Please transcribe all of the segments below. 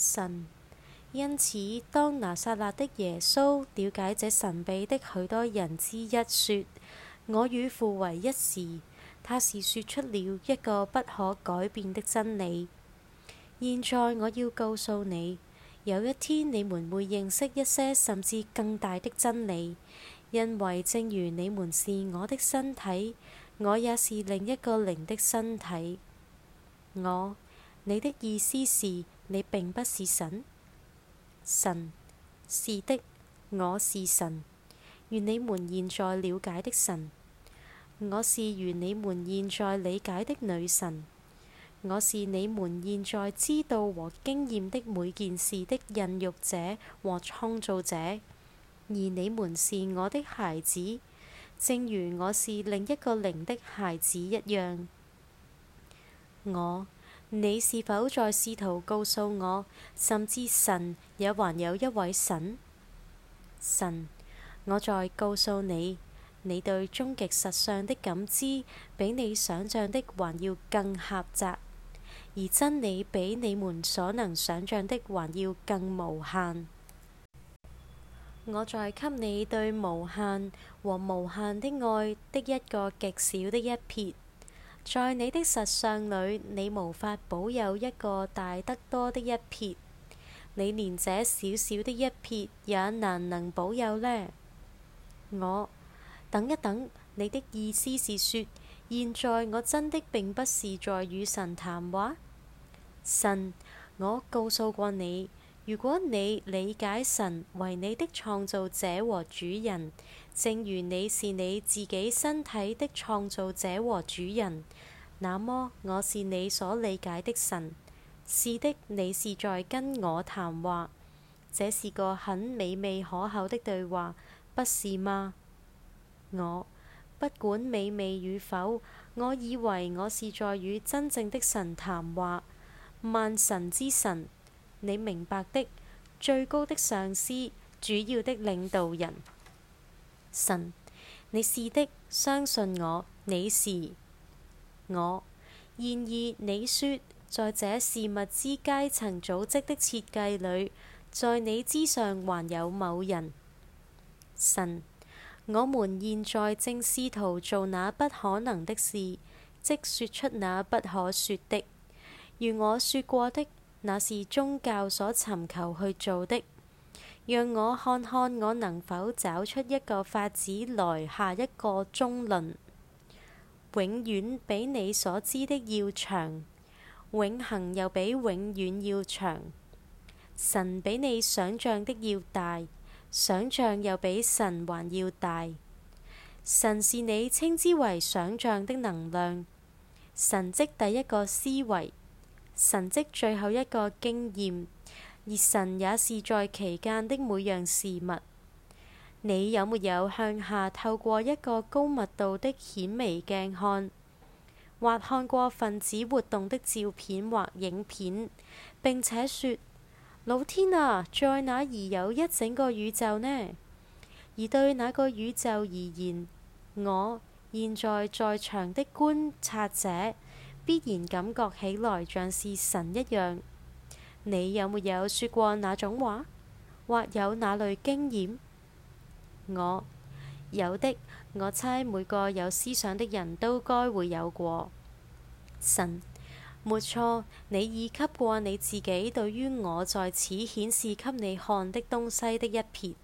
神，因此當拿撒勒的耶穌了解這神秘的許多人之一說：我與父為一時，他是說出了一個不可改變的真理。現在我要告訴你，有一天你們會認識一些甚至更大的真理，因為正如你們是我的身體，我也是另一個靈的身體。我，你的意思是？你並不是神，神，是的，我是神。如你們現在了解的神，我是如你們現在理解的女神，我是你們現在知道和經驗的每件事的孕育者和創造者，而你們是我的孩子，正如我是另一個靈的孩子一樣。我。你是否在試圖告訴我，甚至神也還有一位神？神，我在告訴你，你對終極實相的感知比你想象的還要更狹窄，而真理比你們所能想象的還要更無限。我在給你對無限和無限的愛的一個極小的一撇。在你的實相裡，你無法保有一個大得多的一撇。你連這小小的一撇也難能保有呢。我，等一等，你的意思是說，現在我真的並不是在與神談話？神，我告訴過你，如果你理解神為你的創造者和主人。正如你是你自己身體的創造者和主人，那麼我是你所理解的神。是的，你是在跟我談話。這是個很美味可口的對話，不是嗎？我不管美味與否，我以為我是在與真正的神談話。萬神之神，你明白的，最高的上司，主要的領導人。神，你是的，相信我，你是我。然而，你說，在這事物之階層組織的設計裏，在你之上還有某人。神，我們現在正試圖做那不可能的事，即說出那不可說的。如我說過的，那是宗教所尋求去做的。讓我看看我能否找出一個法子來，下一個中論。永遠比你所知的要長，永恒又比永遠要長。神比你想象的要大，想象又比神還要大。神是你稱之為想象的能量，神即第一個思維，神即最後一個經驗。而神也是在其間的每樣事物。你有沒有向下透過一個高密度的顯微鏡看，或看過分子活動的照片或影片？並且說：老天啊，在哪兒有一整個宇宙呢？而對那個宇宙而言，我現在在場的觀察者，必然感覺起來像是神一樣。你有沒有說過那種話，或有那類經驗？我有的，我猜每個有思想的人都該會有過。神，沒錯，你已給過你自己對於我在此顯示給你看的東西的一瞥。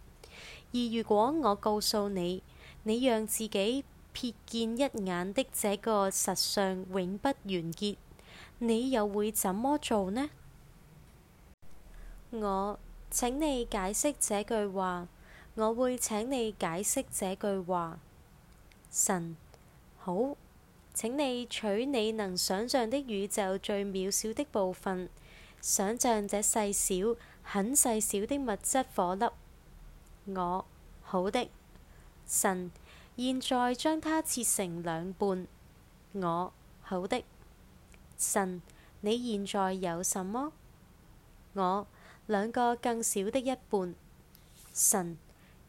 而如果我告訴你，你讓自己瞥見一眼的這個實相永不完結，你又會怎麼做呢？我請你解釋這句話。我會請你解釋這句話。神好。請你取你能想像的宇宙最渺小的部分，想像這細小、很細小的物質火粒。我好的。神現在將它切成兩半。我好的。神，你現在有什麼？我。兩個更小的一半，神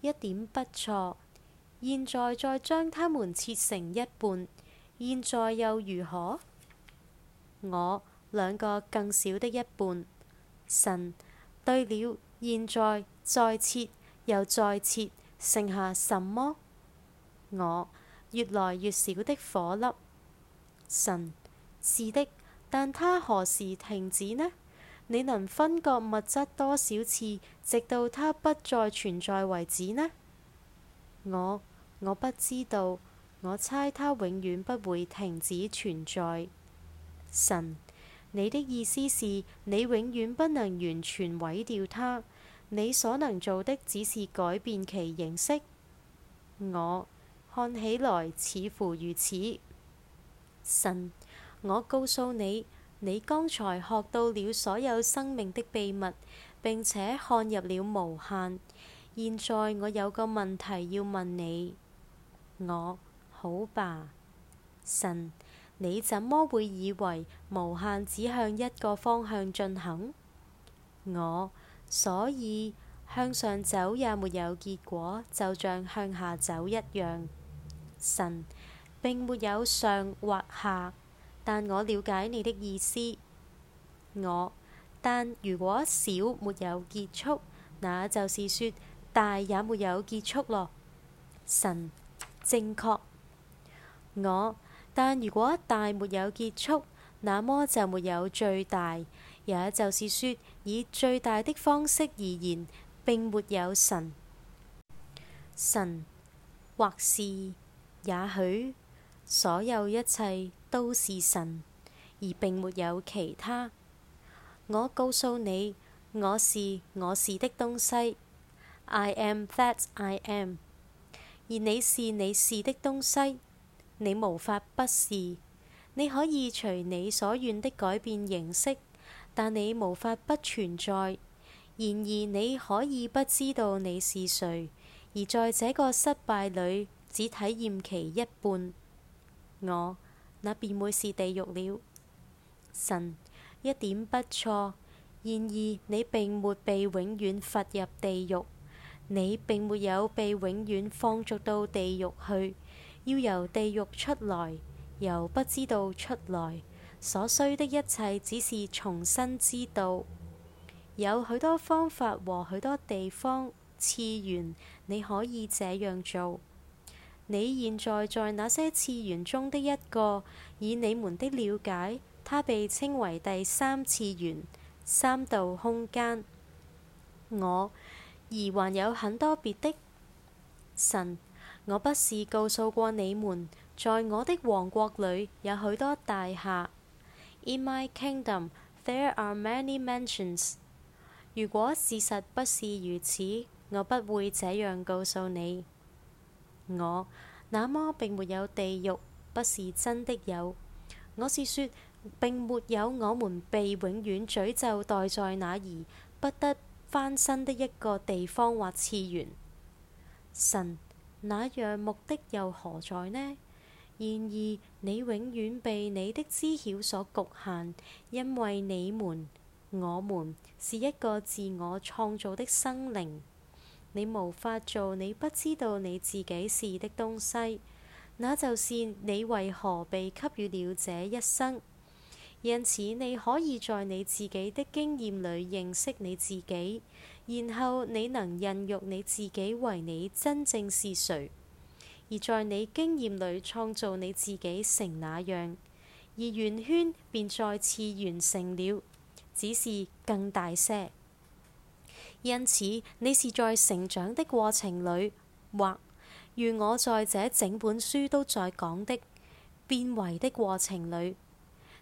一點不錯。現在再將它們切成一半，現在又如何？我兩個更小的一半，神對了。現在再切又再切，剩下什麼？我越來越小的顆粒，神是的，但它何時停止呢？你能分割物質多少次，直到它不再存在為止呢？我，我不知道，我猜它永遠不會停止存在。神，你的意思是你永遠不能完全毀掉它，你所能做的只是改變其形式。我，看起來似乎如此。神，我告訴你。你剛才學到了所有生命的秘密，並且看入了無限。現在我有個問題要問你，我好吧？神，你怎麼會以為無限只向一個方向進行？我所以向上走也沒有結果，就像向下走一樣。神並沒有上或下。但我了解你的意思，我。但如果小沒有結束，那就是說大也沒有結束咯。神，正確。我。但如果大沒有結束，那麼就沒有最大，也就是說以最大的方式而言並沒有神。神，或是也許所有一切，.都是神，而並沒有其他。我告訴你，我是我是的東西，I am that I am。而你是你是的東西，你無法不是。你可以隨你所願的改變形式，但你無法不存在。然而，你可以不知道你是誰，而在這個失敗裏，只體驗其一半。我。那便會是地獄了，神，一點不錯。然而你並沒被永遠罰入地獄，你並沒有被永遠放逐到地獄去。要由地獄出來，由不知道出來，所需的一切只是重新知道。有許多方法和許多地方次元，你可以這樣做。你現在在那些次元中的一個，以你們的了解，它被稱為第三次元、三度空間。我，而還有很多別的神。我不是告訴過你們，在我的王國裏有許多大廈。In my kingdom, there are many mansions。如果事實不是如此，我不會這樣告訴你。我，那麼並沒有地獄，不是真的有。我是說並沒有我們被永遠詛咒待在那兒，不得翻身的一個地方或次元。神，那樣目的又何在呢？然而你永遠被你的知曉所侷限，因為你們，我們是一個自我創造的生靈。你無法做你不知道你自己是的東西，那就是你為何被給予了這一生。因此，你可以在你自己的經驗裏認識你自己，然後你能孕育你自己為你真正是誰。而在你經驗裏創造你自己成那樣，而圓圈便再次完成了，只是更大些。因此，你是在成長的過程裏，或如我在這整本書都在講的，變為的過程裏，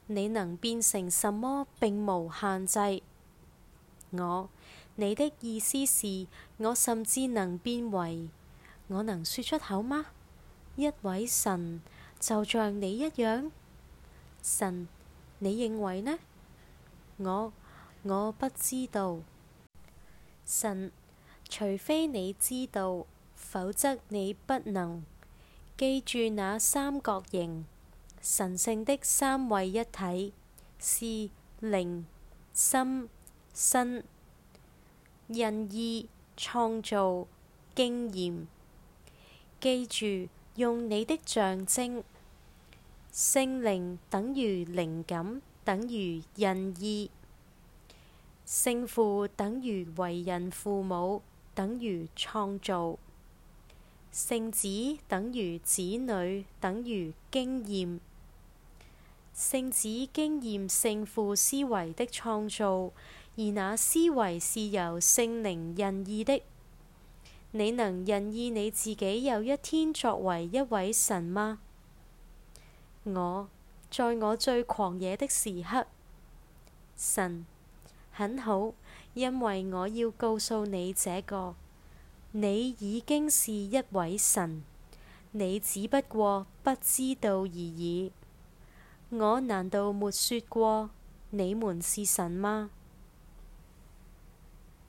你能變成什麼，並無限制。我，你的意思是，我甚至能變為？我能說出口嗎？一位神，就像你一樣，神，你認為呢？我，我不知道。神，除非你知道，否則你不能記住那三角形。神聖的三位一體是靈、心、身、印、意、創造、經驗。記住，用你的象徵聖靈等於靈感，等於印意。聖父等於為人父母，等於創造；聖子等於子女，等於經驗；聖子經驗聖父思維的創造，而那思維是由聖靈任意的。你能任意你自己有一天作為一位神嗎？我在我最狂野的時刻，神。很好，因為我要告訴你這個，你已經是一位神，你只不過不知道而已。我難道沒說過你們是神嗎？